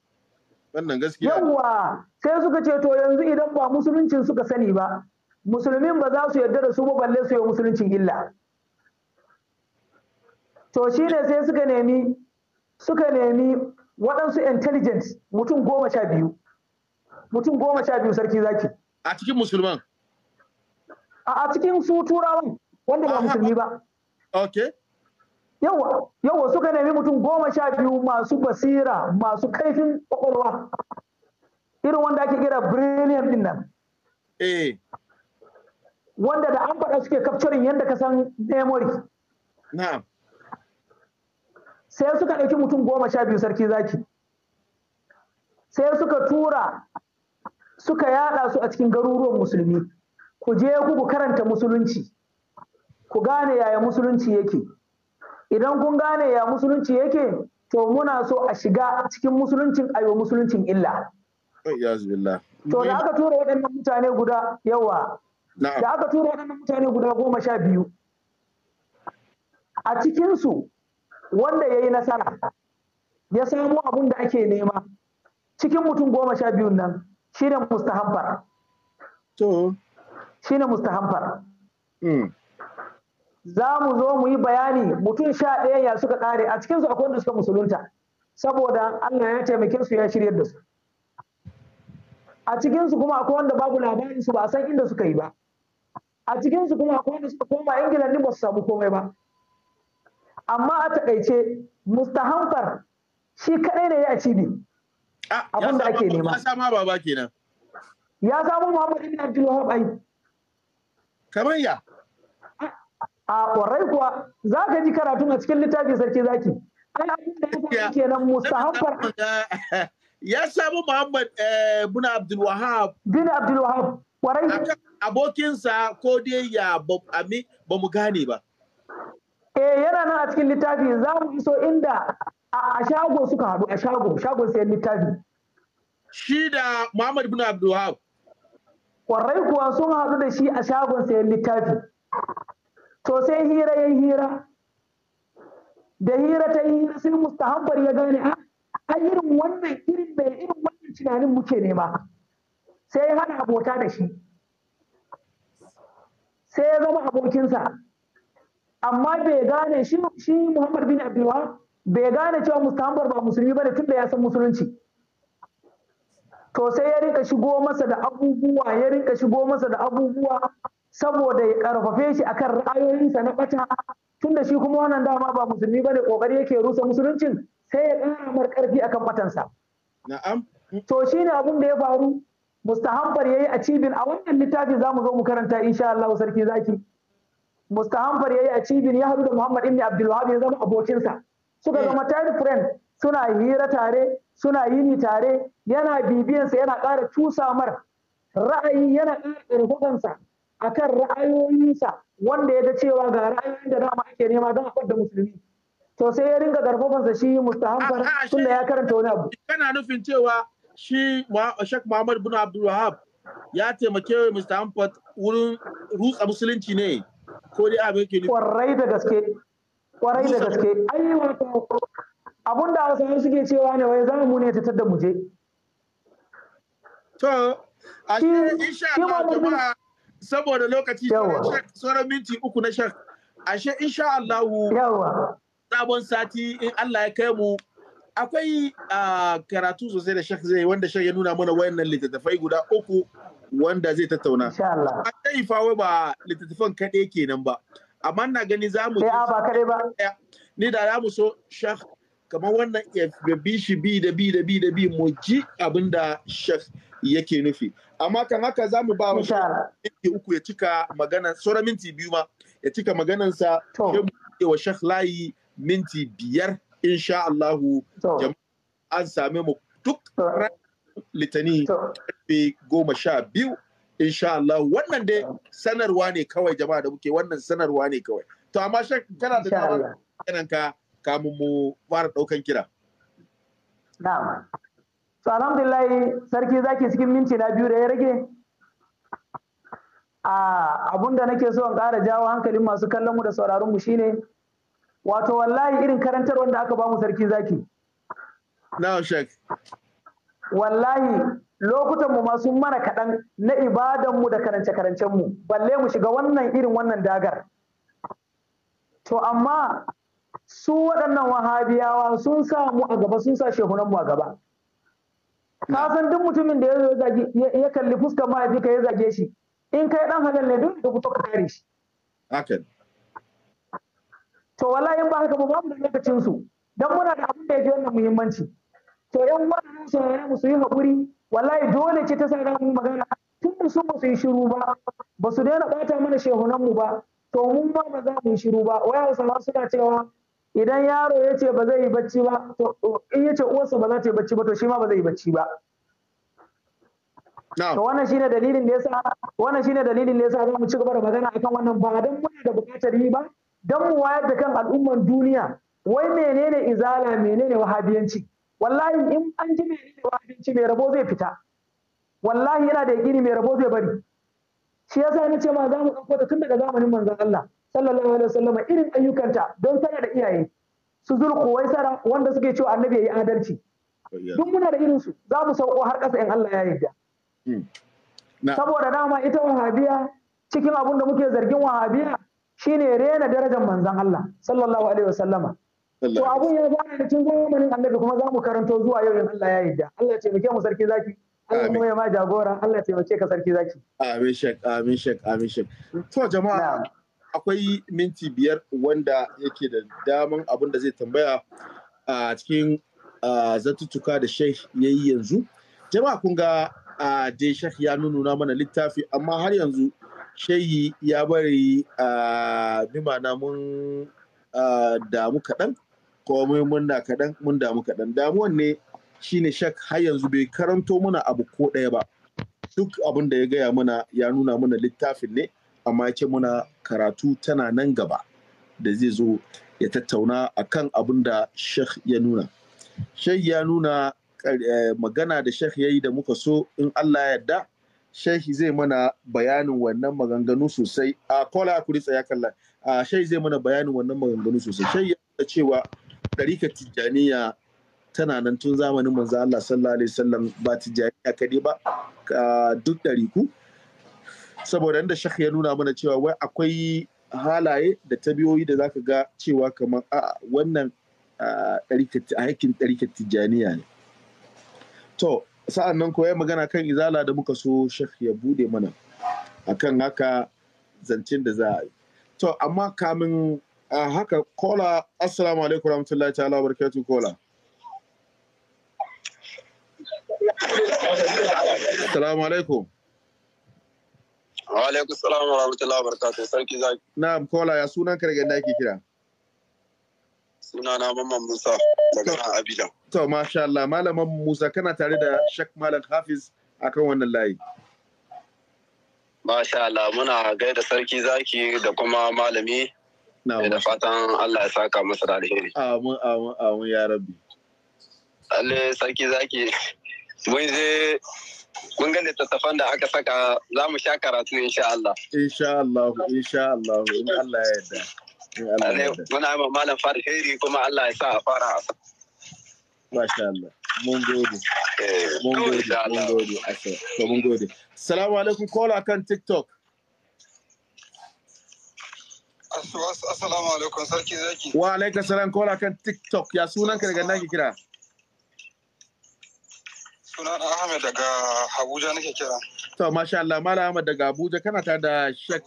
wannan gaskiya yawa sai suka ce to yanzu idan ba musuluncin suka sani ba musulmin ba za su yarda da su ba balle su yi musuluncin illa to shi ne sai suka nemi suka nemi waɗansu intelligence mutum goma sha biyu mutum goma sha biyu sarki zaki a cikin musulman a cikin su turawan wanda ba musulmi ba Ok. yawa suka nemi mutum goma sha biyu masu basira masu kaifin kwakwalwa irin wanda ake kira brilliant din nan eh wanda da an faɗa suke capturing yadda ka san memory na'am sai suka ɗauki mutum goma sha biyu sarki zaki sai suka tura suka yada su a cikin garuruwan musulmi ku je ku ku karanta musulunci ku gane yaya musulunci yake idan kun gane ya musulunci yake to muna so a shiga cikin musuluncin ayo musuluncin illa to da aka tura waɗannan mutane guda yawa da aka tura waɗannan mutane guda goma sha biyu a cikinsu wanda ya yi nasara ya samu abun da ake nema cikin mutum goma sha biyu nan shi ne shine mustahamfar hmm. za mu zo mu yi bayani mutum sha ɗaya ya suka ƙare a cikinsu akwai wanda suka musulunta saboda Allah ya taimake su ya shiryar da su a cikinsu kuma akwai wanda babu labarin su ba a san inda suka yi ba a cikinsu kuma akwai wanda suka koma ingila ne ba su samu komai ba amma a takaice mustahamfar shi kadai ne ya ci ne ah, abin da ake nema ya sama baba kenan ya samu muhammad ibn abdul wahab ai kamar ya a ƙwarai kuwa za ka ji karatun a cikin littafin sarki zaki ai abin da ya ke nan mustahamfar ya samu muhammad eh, ibn abdul wahab bin abdul wahab abokinsa ko dai ya ba mu gane ba eh yana nan a cikin littafi za mu iso inda a shago suka haɗu a shago shagon sayan littafi shi da Muhammad bin abdullahi kwarai kuwa sun haɗu da shi a shagon sayan littafi to sai hira ya hira da hira ta hira sai mustahabbar ya gane a ah, a irin wannan irin da irin wannan tunanin muke nema sai ya hana abota da shi sai ya zama abokinsa amma bai gane shi shi Muhammad bin Abdul bai gane cewa Mustafa ba musulmi bane tunda ya san musulunci to sai ya rinka shigo masa da abubuwa ya rinka shigo masa da abubuwa saboda ya karfafe shi akan ra'ayoyinsa na bata tunda shi kuma wannan dama ba musulmi bane kokari yake rusa musuluncin sai ya kara mar karfi akan batansa na'am to shine abun da ya faru mustahabbar yi a cibin a wannan littafi zamu zo mu karanta insha Allah sarki zaki ya yi a cibin ya haɗu da Muhammad ibn Abdul Wahab ya zama abokinsa suka eh. zama tare friend suna hira tare suna yini tare yana bibiyansa yana ƙara cusa mar ra'ayi yana ƙara a kan ra'ayoyinsa wanda ya ga cewa ga ra'ayoyin da dama ake nema don a da musulmi to sai ya ringa ƙarfafansa shi mustahamfar tunda ya karanta wani abu kana nufin cewa shi Sheikh Muhammad bin Abdul Wahab ya taimake Mr. Hamfat wurin rutsa musulunci ne ko dai abin ke kwarai da gaske kwarai da gaske ai wato abun da hausawa suke cewa ne wai za mu ne ta da muje to a insha Allah jama'a saboda lokaci sauran minti uku na shak ashe insha Allah sabon sati in Allah ya kai mu akwai ah, karatu sosai da shak zai wanda shak ya nuna mana wayannan littattafai guda uku wanda zai tattauna. A dai fawo ba littattafan kaɗai kenan ba. Amma na gani za mu. Eh, ba kaɗai ba. Eh, ni da za mu so Shah kamar wannan ya bi shi bi da bi da bi da bi mu ji abin da Shah yake nufi. Amma kan haka za mu ba wa shi uku ya cika magana sauran minti biyu ma ya cika maganansa. Ke wa shak layi minti biyar insha Allahu. An same mu duk litani karfe goma sha biyu insha Allah wannan dai sanarwa ne kawai jama'a da muke wannan sanarwa ne kawai to amma shek kana da dama kanan ka kamun mu fara daukan kira na'am to alhamdulillah sarki zaki cikin minti na biyu da ya rage a abunda nake so in ƙara jawo hankalin masu kallon mu da sauraron mu shine wato wallahi irin karantar wanda aka bamu sarki zaki na'am shek wallahi lokutan mu ma mana kaɗan na ibadan mu da karance karancen mu balle mu shiga wannan irin wannan dagar to amma su waɗannan wahabiyawa sun sa mu a gaba sun sa shehunan mu a gaba ka san duk mutumin da ya kalli fuskar mahaifinka ya zage shi in kai dan halal ne duk da fito ka kare shi to wallahi in ba haka ba babu da lokacin su dan muna da abin da ya wannan muhimmanci to yan wannan saurare mu su yi haƙuri wallahi dole ce ta saurare mu magana tun su ba su yi shiru ba ba su daina bata mana shehunan mu ba to mun ba ba za mu yi shiru ba waya wai su suna cewa idan yaro ya ce ba zai yi bacci ba to in ya ce uwarsa ba za ta yi bacci ba to shi ma ba zai yi bacci ba to wannan shine dalilin da yasa wannan shine dalilin da yasa za mu ci gaba da magana akan wannan ba dan muna da buƙatar yi ba dan mu wayar da kan al'umman duniya wai menene izala menene wahabiyanci wallahi in an ji mai da abinci mai rabo zai fita wallahi yana da gini mai rabo zai bari shi yasa ni ce ma za mu ɗauko ta tun daga zamanin manzon Allah sallallahu alaihi wasallam irin ayyukanta don tana da iyaye su zulku wai wanda suke cewa annabi yayi adalci duk muna da irin su za mu sauko har kasa in Allah ya yarda hmm. saboda dama ita wahabiya cikin abin da muke zargin wahabiya shine rena darajar manzon Allah sallallahu alaihi wasallama To abun ya fara da cin zamanin annabi kuma za mu karanto zuwa yau in Allah ya yarda. Allah ya taimake mu sarki zaki. Allah kuma ya ma jagora. Allah ya taimake ka sarki zaki. Amin shek, amin shek, amin shek. To jama'a akwai minti biyar wanda yake da daman abin da zai tambaya a cikin zatuttuka da sheikh ya yi yanzu. Jama'a kun ga dai sheikh ya nuna mana littafi amma har yanzu shehi ya bari a bimana mun damu kaɗan komai murna kaɗan mun damu kaɗan damuwan ne shine shak har yanzu bai karanto mana abu ko ɗaya ba duk abin da ya gaya mana ya nuna mana littafin ne amma yake muna karatu tana nan gaba da zai zo ya tattauna akan abin da shek ya nuna shek ya nuna eh, magana da shek ya yi da muka so in allah yarda shehi zai mana bayanin wannan maganganu sosai a kola kuri tsaya kallon. shehi zai mana bayanin wannan maganganu sosai shehi ya cewa ɗarikar tijjaniya tana nan tun zamanin manzo Allah sallallahu alaihi wasallam ba tijjaniya ba duk ɗariku saboda inda shekh ya nuna mana cewa wai akwai halaye da tabiyoyi da zaka ga cewa kamar a wannan aikin ɗarikar tijjaniya ne to sa'an nan koya magana kan izala da muka so shekh ya bude mana akan haka zancen da za a yi to amma kamin haka kola assalamu alaikum rahmatullahi ta'ala barkatu kola assalamu alaikum alaikum salam wa rahmatullahi wa barakatuh sarki zaki na'am kola ya sunan ka daga ake kira sunana mamman musa daga abidjan to masha Allah malaman musa kana tare da shak malam hafiz akan wannan layi Masha Allah muna gaida sarki zaki da kuma malami Eh, da fatan Allah ya saka masa da alheri amin amin amin ya rabbi ya sarki zaki mun je mun ga littattafan da aka saka za mu sha karatu insha Allah insha Allah insha Allah in Allah ya yarda Muna yi ma malam heri, kuma Allah ya sa a fara masha Allah mun gode eh, mun gode mun gode Salamu alaikum kola kan tiktok Assalamu alaikum sarki zaki. Wa alaika salam kola kan TikTok ya sunan ka daga na kira. Sunan Ahmed daga Abuja nake kira. To masha Allah Mala Ahmed daga Abuja kana ta da Shek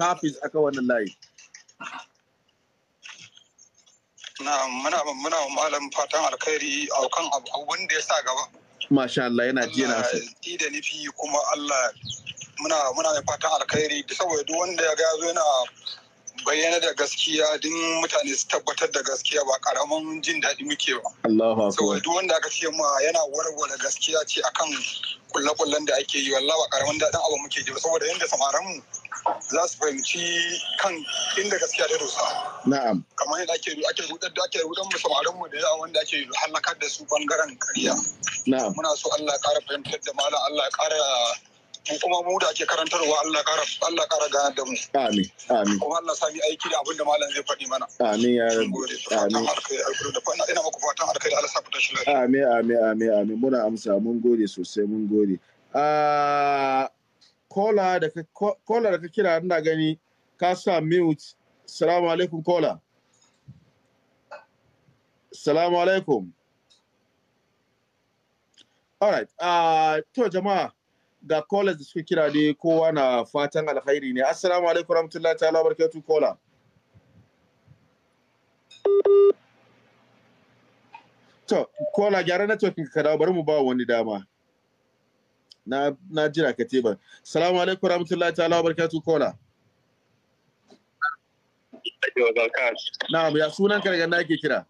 Hafiz aka wannan layi. Na muna muna malam fatan alkhairi a kan abubuwan da ya sa gaba. Masha Allah yana ji na asali. da nufi kuma Allah muna muna fatan alkhairi saboda duk wanda ya ga yana bayyana da gaskiya din mutane su tabbatar da gaskiya ba karamin jin daɗi muke ba. Allah ba duk wanda aka ce ma yana warware gaskiya ce akan kulle-kullen da ake yi wallahi ba karamin daɗin abu muke ji saboda yadda samaran mu za su fahimci kan inda gaskiya ta dosa. Na'am. Kamar yadda ake ake rudar da ake rudar mu samaran mu da yawa wanda ake yi halakar da su bangaren kariya. Na'am. Muna so Allah ya ƙara fahimtar da malam Allah ya ƙara mu kuma mu da ake karantarwa Allah kara Allah kara gana da mu amin amin kuma Allah sami aiki da abin da malam zai faɗi mana amin ya rabbi amin ina muku fatan alkai Allah sa fita shi lafiya amin amin amin amin muna amsa mun gode sosai mun gode kola ah, da kola da ka kira ina gani ka sa mute salamu alaikum kola salamu alaikum all right uh, to jama'a ga callers da suka kira dai kowa na fatan alkhairi ne assalamu alaikum rahmatullahi ta'ala barakatu kola to kola gyara na tokin ka dawo bari mu ba wani dama na na jira ka teba assalamu alaikum rahmatullahi ta'ala Barkatu kola na'am ya sunan ka daga na ke kira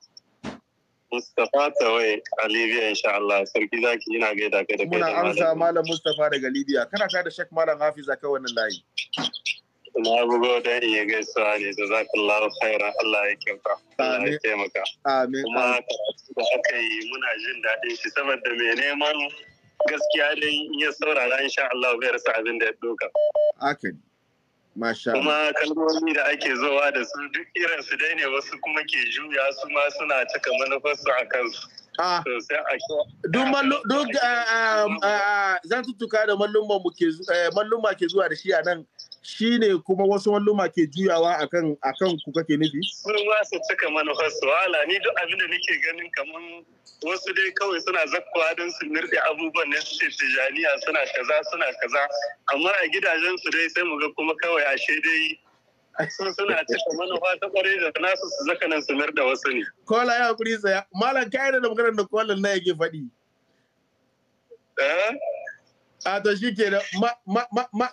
Mustapha Tawai a Libya insha Allah sarki zaki ina gaida kai da kai muna amsa malam Mustapha daga Libya kana ka da shek malam Hafiza kai wannan layi na bugo da iya gaisuwa ne da zakallahu khairan Allah ya kyauta Allah ya taimaka amin kuma karatu da aka yi muna jin daɗin shi saboda mai neman gaskiya dai in ya saurara insha Allah bai rasa abin da ya doka akin kuma kalmomi da ake zowa da su duk irin su dai ne wasu kuma ke juya su ma suna cika manufarsu a kansu ah. duk eh, eh, eh, zan tuttuka da mallumma ke zuwa da shi a nan shi ne kuma wasu walluma ke juyawa akan akan ku kake nufi? Sun ma su cika manufarsu wala ni duk abin da nake ganin kamar wasu dai kawai suna zakkowa don su nirɗe abubuwan ne su tijaniya suna kaza suna kaza amma a gidajen su dai sai mu ga kuma kawai ashe dai sun suna cika manufa ta kwarai da nasu su zaka nan su da wasu ne. Kola ya kuri tsaya malam kai da maganar da kolan na yake faɗi. Eh? A to shi ke da,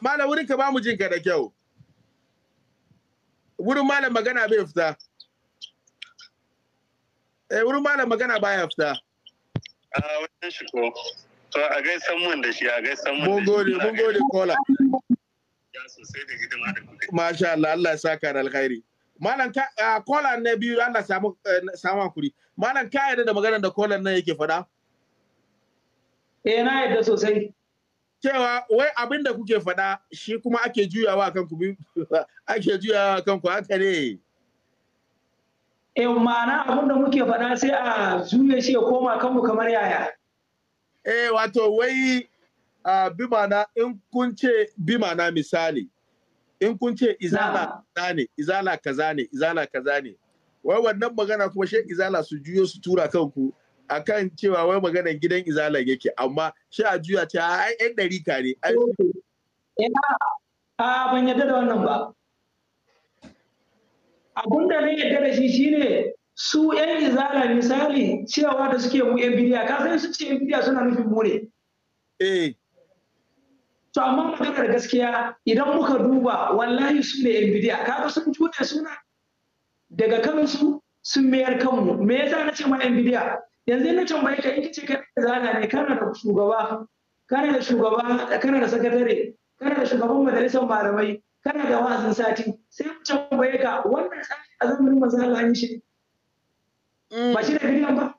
Malam wurin ka ba mu jinka da kyau. Wurin malam magana bai fita. Eh wurin malam magana baya fita. A wannan shi ko. To a gaisan mun da shi a gaisan mun. Mun gode mun gode kola. Ya sosai da hidima da kuke. Masha Allah Allah ya saka da alkhairi. Malam ka kola ne biyu Allah samu eh, samu hakuri. Malam ka yarda da maganar da kolan nan yake faɗa? Eh na yarda sosai. cewa wai abin da kuke faɗa shi kuma ake juyawa kan ku ake juyawa kan ku haka ne eh ma'ana abin da muke faɗa sai a juye shi ya koma kanmu kamar yaya eh wato wai a bi ma'ana in kun ce bi ma'ana misali in kun ce izala kaza ne izala kaza ne izala kaza ne wai wannan magana kuma shi izala su juyo su tura kanku akan cewa wai maganar gidan Izalan yake amma shi a juya ta ai yan ɗarika ne a ban yadda da wannan ba abun da na yadda da shi shine su yan izala misali cewa da suke mu yan bidiya ka san su ce yan bidiya suna nufin mu ne eh to amma maganar gaskiya idan muka duba wallahi su ne yan bidiya ga sun jure suna daga kansu sun mayar kanmu me yasa na ce ma yan bidiya yanzu na tambaye ka in kace kai zana ne kana da shugaba kana da shugaba kana da sakatare kana da shugaban majalisar malamai kana da wa'azin sati sai mu tambaye ka wannan tsari a zamanin manzo Allah ne shi mm. ba shi da gidan ba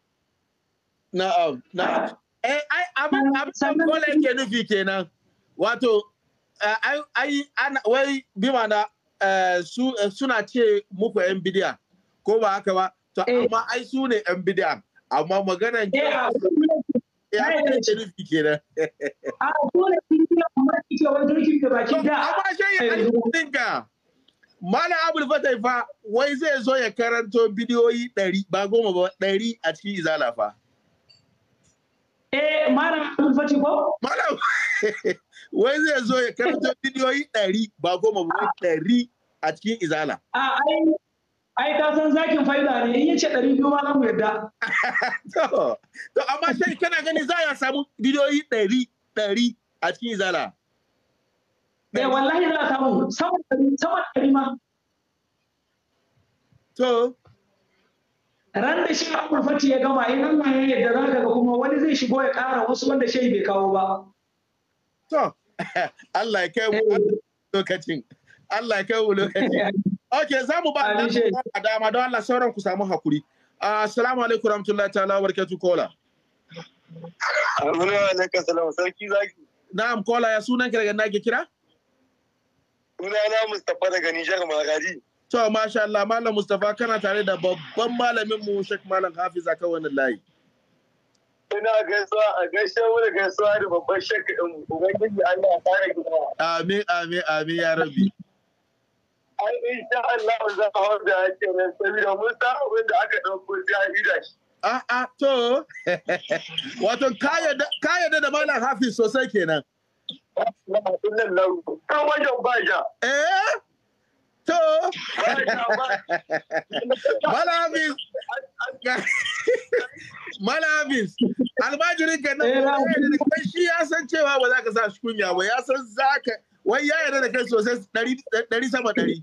na'am na'am ah. eh ai abin abin da ke nufi kenan wato eh, ai ai wai bi mana eh, eh, suna ce muku yan bidiya ko ba haka ba to amma ai su ne yan bidiya amma maganan eh, ya eh, eh. nufi kenan. A dole kuma yi amma ke wani turkin da bakin da. Amma shi ya alfin ka. Malam Abul Fatai fa wai zai zo ya karanto bidiyoyi ɗari ba goma ba ɗari a cikin izala fa. Eh Malam Abul Fatai ko? Malam wai zai zo ya karanto bidiyoyi ɗari ba goma ba ɗari a cikin izala. A ai ai ka san zakin faida ne in yace ɗari biyu ma mu yadda to amma sai kana gani za ya samu bidiyoyi ɗari ɗari a cikin zala eh wallahi za a samu sama ɗari sama ɗari ma to ran da shi kurfati ya gama in nan ya yadda za ka ga kuma wani zai shigo ya ƙara wasu wanda shi bai kawo ba to Allah ya kai mu lokacin Allah ya kai mu lokacin Ok, za mu ba da dama don Allah sauran ku samu hakuri. Ah, assalamu alaikum rahmatullahi ta'ala wa barakatuh kola. Assalamu alaikum salam sarki zaki. Na'am kola ya sunan ka daga nake kira? na Mustapha daga Nijar Magadi. To masha Allah Malam Mustapha kana tare da babban malamin mu Sheikh Malam Hafiz a kan layi. Ina gaisuwa a gaishe mu da gaisuwa da babban Sheikh um, Ubangiji Allah ya kare gida. Amin amin amin ya rabbi. ai insha Allah za a hau da ake nan saboda mun san abin da aka ɗauko sai ida shi. A'a to, wato ka yarda da malam hafi sosai kenan. Kan wajen baja. Eh? To, malam hafi. Malam hafi, almajirin ka nan, eh, eh, kai shi ya san cewa ba za ka sa shi kunya ba, ya san za ka. wai ya yarda da kai sosai ɗari sama ɗari.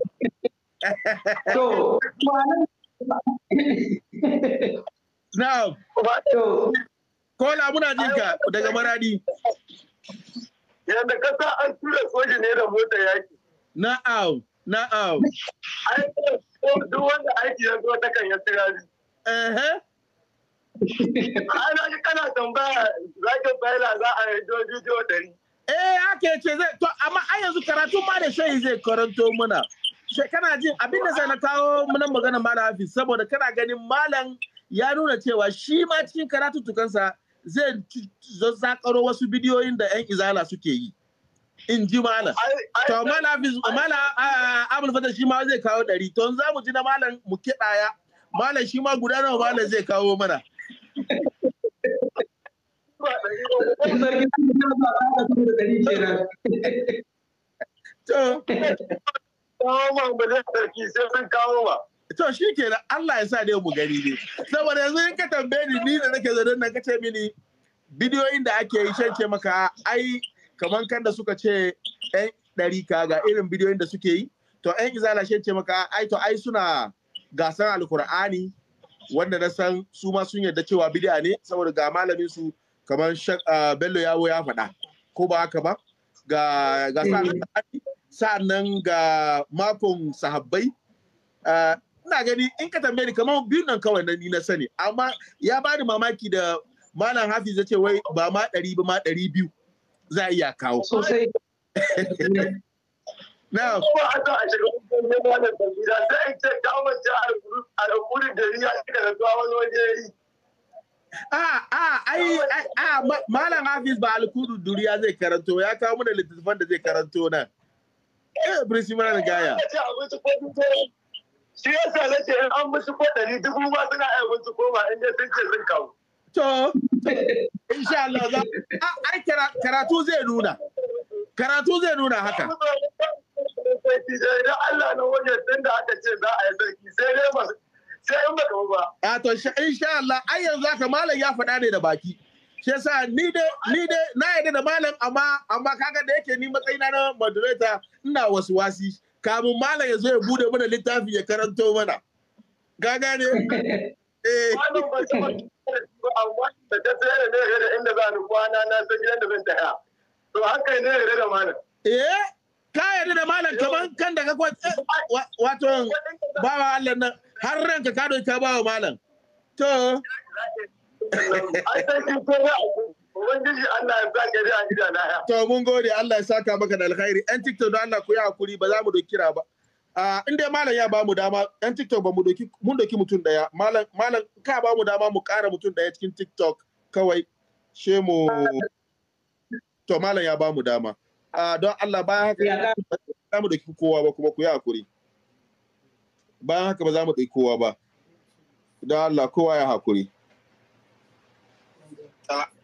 To, Na'am. Wato. Kola muna jin ka daga maradi. Yadda kasa an tura soji ne da mota yaki. Na'am, na'am. Ai, duk wanda aiki ya zo ta kan ya tirari. Ehe. Ana kana tambaya za ka bayar za a yi dojojo ɗari. eh ake ce zai to amma a yanzu karatu ma da shehi zai karanto muna she kana jin abin da zai na kawo muna magana malam hafi saboda kana ganin malam ya nuna cewa shi ma cikin karatu tukansa zai zakaro wasu bidiyoyin da yan izala suke yi in ji malam to malam hafiz malam abul fata shi ma zai kawo ɗari to za mu ji na malam mu kiɗaya malam shi ma guda nawa malam zai kawo mana da To. Kawo ma To shi Allah ya sa dai mu gani ne. Saboda yanzu in ka tambaye ni ni da nake zaune nan ka ce mini bidiyoyin da ake yi shan ce maka ai kamar kan da suka ce yan ɗari ka ga irin bidiyoyin da suke yi. To yan izala shan ce maka ai to ai suna gasar alkur'ani wanda na san su ma sun yarda cewa bidiya ne saboda ga malamin su kamar ah, bello yawo ya faɗa ko ba haka ba ga ga eh. sa'annan ga makon sahabbai ah, ina gani in ka tambaye ni kamar biyun nan kawai na ni na sani amma ya bani mamaki da malam hafi zace ce wai ba ma ɗari ba ma ɗari biyu za a iya kawo. Sosai. Na. Kuma an za a shiga wajen malam da za a ce kamar ta al'ummar da riya shiga da wani waje yi. A a ai a malam Hafiz ba alkudu duriya zai karanto ya kawo mana littattafan da zai karanto nan. Eh Prince Imran Gaya. Shi yasa nace in an musu ko dari dubu ma suna ai musu koma in dai sun ce sun kawo. To insha Allah za a, ai karatu zai nuna. Karatu zai nuna haka. Allah na wajen tun da aka ce za a yi sarki sai dai masu sai in baka ba a to insha Allah ai yanzu haka malam ya faɗa ne da baki shi yasa ni dai ni dai na yarda da malam amma amma kaga da yake ni matsayina na moderator ina wasu wasi kamun malam ya zo ya bude mana littafi ya karanto mana ga gane eh da ta tsere ne da inda za ni kwana na gidan da zan tafi to haka ne yarda da malam eh ka yarda da malam kaman kan da ka eh, wato bawa Allah nan har ranka ka ɗauki ka ba wa malam to To mun gode Allah ya saka maka da alkhairi. ‘Yan TikTok don Allah ku yi hakuri ba za mu doki kira ba. in dai malam ya ba mu dama yan tiktok ba mu doki mun doki mutum daya malam malam ka ba mu dama mu kara mutum daya cikin tiktok kawai she mu to malam ya ba mu dama don Allah ba haka za mu doki kowa ba kuma ku yi hakuri bayan haka ba za mu ɗai kowa ba don Allah kowa ya hakuri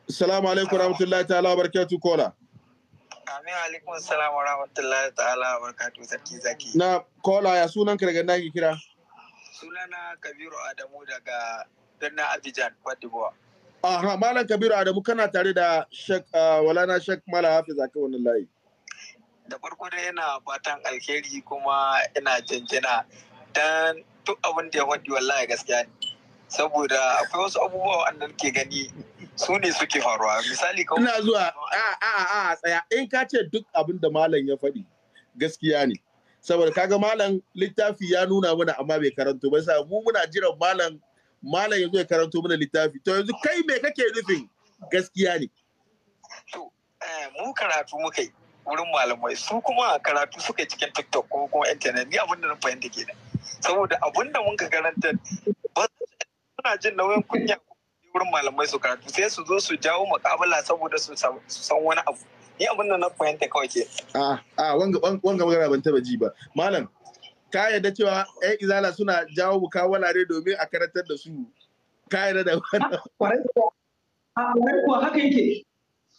salamu alaikum rahmatullahi ta'ala wa barakatuh kola amin alaikum salamu rahmatullahi ta'ala wa barakatuh sarki zaki na kola ya sunan ka daga na ki kira sunana kabiru adamu daga birnin abidjan cote Aha, Malam Kabiru Adamu kana tare da Shek Walana ah, Shek Mala Hafiz akan wannan layi. Da farko dai yana fatan alheri kuma ina jinjina dan duk abin da ya faɗi wallahi gaskiya ne saboda akwai wasu abubuwa wanda nake gani su ne suke faruwa misali kawai ina zuwa a a a tsaya in ka ce duk abin da malam ya faɗi gaskiya ne saboda kaga malam littafi ya nuna mana amma bai karanto ba sa mu muna jiran malam malam yanzu ya karanto mana littafi to yanzu kai me kake nufin gaskiya ne to eh, mu karatu muka yi wurin malamai su kuma karatu suka cikin tiktok ko kuma internet ni abin da na fahimta kenan saboda abun da mun ka karanta ba suna jin nauyin kunya wurin malamai su karatu sai su zo su jawo makabala saboda su san wani abu ni abin da na fahimta kawai ke a a wanga wanga magana ban taba ji ba malam ka yarda cewa ƴan izala suna jawo mukawala ne domin a karantar da su ka yarda da wannan ko haka yake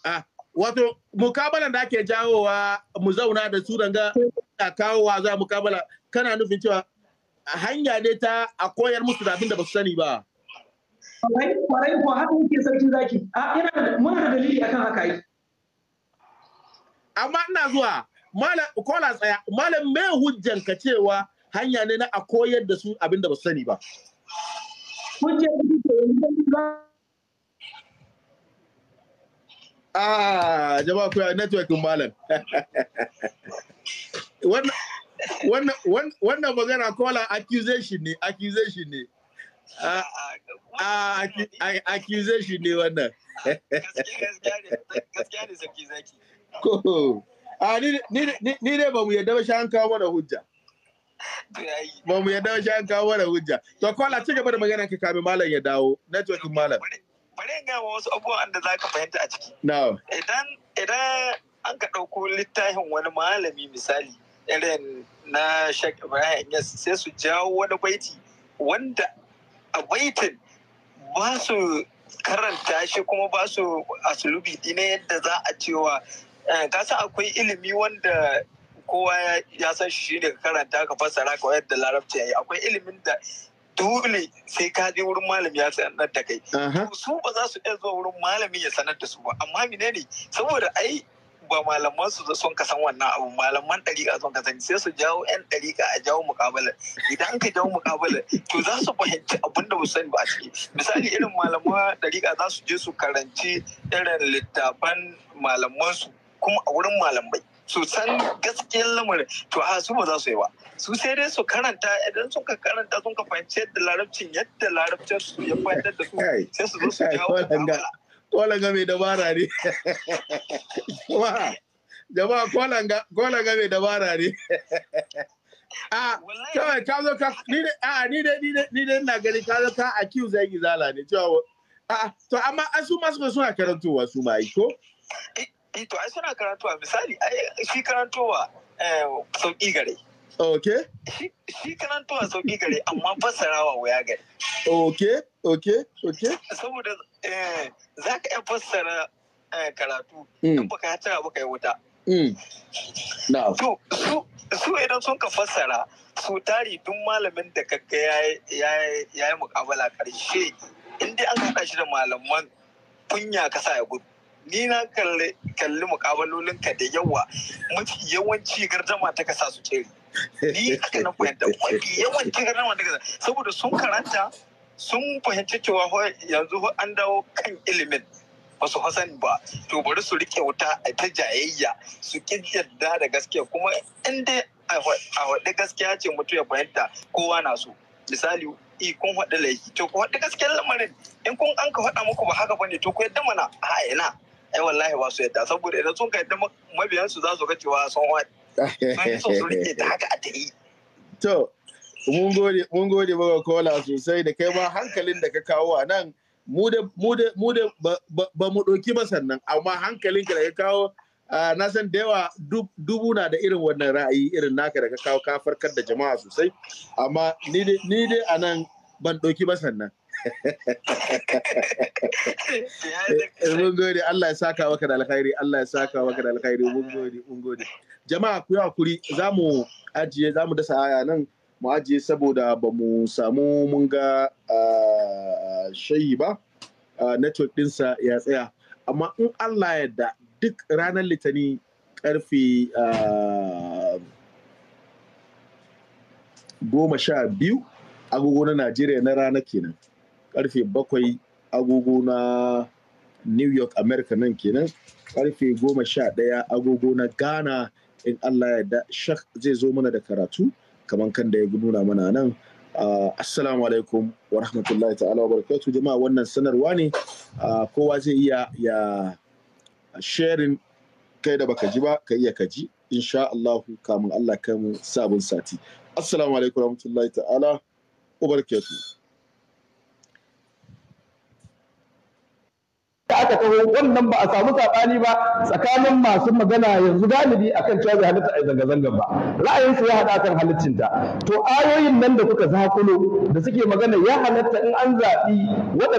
a wato mukabalan da ake jawowa mu zauna da su danga a kawowa za mukabala kana nufin cewa hanya ne ta a koyar musu da abin da ba su sani ba. Kwarai kuwa haka yake sarki zaki. A ina muna da dalili akan haka yi. Amma ina zuwa malam kola tsaya malam me hujjan ka cewa hanya ne na a koyar da su abin da ba su sani ba. Hujjan ka Ah, jama'a kuya network malam. Wannan wannan magana kola accusation ne accusation ne ah, ah, accusation ne wannan gaskiya ne sarki zaki ah, ni ne ba mu yadda ba shan kawo mana hujja ba mu yadda ba shan kawo mana hujja to kola ci gaba da magana ka kame malam ya dawo networking malam bari ga wasu abubuwan da za ka fahimta a ciki idan idan an ka ɗauko littafin wani malami misali irin na Sheikh Ibrahim Yes sai su jawo wani baiti wanda a baitin ba su karanta shi kuma ba su asulubi ne yadda za a cewa eh, kasa akwai ilimi wanda kowa ya san shi ne ka karanta ka fassara ka yadda larabci yayi akwai ilimin da dole sai ka je wurin malami ya sanar da kai su ba za su iya zuwa wurin malami ya sanar da su ba amma menene saboda ai ba malaman su sun ka san wannan abu malaman dariƙa sun ka sani sai su jawo 'yan dariƙa a jawo mukabala idan ka jawo mukabala to za su fahimci abin da sani ba a ciki misali irin malaman dariƙa za su je su karanci irin littafan malaman su kuma a wurin malamai su san gaskiyar lamarin to a su ba za su yi ba su sai dai su karanta idan suka karanta sun ka fahimci yadda larabcin yadda larabcin su ya fahimtar da su sai su zo su jawo mukabala kolanga mai dabara ne jama'a kolanga mai dabara ne a kawai ka zo ka ah, ni dai ni dai na gani ka zo ka accuse yan izala ne cewa a ah, to amma an su masu suna karantowa su ma ko eh to ai suna karantowa misali ai shi karantowa so igare okay shi karantowa so igare amma fassarawa wuya gare okay okay okay saboda Eh, za ka iya fassara eh, karatu in baka hatara baka yi wuta mm. su idan sun ka fassara su tari duk malamin da kakka ya yi mukabala karshe in dai an haɗa shi da malaman kunya sa ya gudu ni na kalli mukabalolin ka da yawa mafi yawanci gardama ta kasa su ceri ni aka na fahimta mafi yawanci gardama ta kasa saboda sun karanta sun fahimci cewa yanzu an dawo kan ilimin ba su hasan ba to bari su rike wuta a ta jayayya su ki yadda da gaskiya kuma in dai a faɗi gaskiya ce mutum ya fahimta kowa na so misali i kun faɗi laifi to ku faɗi gaskiyar lamarin in kun an ka faɗa muku ba haka bane to ku yadda mana a ina ai wallahi ba su yadda saboda idan sun ka yadda mabiyansu za su ga cewa sun faɗi sun yi so su rike ta haka a ta yi to mun gode baka kola sosai da kai ma hankalin da ka kawo a nan mu da ba mu ɗauki ba sannan amma hankalin da ka kawo na san da yawa dubu na da irin wannan ra'ayi irin naka da ka kawo ka farkar da jama'a sosai amma ni dai a nan ban ɗauki ba sannan eh, mun gode Allah ya saka maka da alkhairi Allah ya saka maka da alkhairi mun gode mun gode jama'a ku yi hakuri za mu ajiye za mu dasa aya nan mu ajiye saboda ba mu samu mun ga shayi ba network dinsa ya tsaya amma in allah yadda duk ranar litani karfe goma sha biyu agogo na najeriya na rana kenan karfe bakwai agogo na new york america nan kenan karfe goma sha ɗaya agogo na ghana in allah yadda shak zai zo mana da karatu kamar kan da ya nuna mana nan assalamu alaikum wa rahmatullahi ta'ala wa barakatu jama'a wannan sanarwa ne kowa zai iya ya sharing kai da baka ji ba ka iya ka ji insha Allah kamun Allah kan sabon sati assalamu alaikum wa rahmatullahi ta'ala wa barakatu da aka taho wannan ba a samu saɓani ba tsakanin masu magana yanzu galibi akan cewa bai halitta a zanga-zanga ba ra'ayinsu ya haɗa akan halittinta to ayoyin nan da kuka zakulo da suke magana ya halatta in an zaɓi waɗanda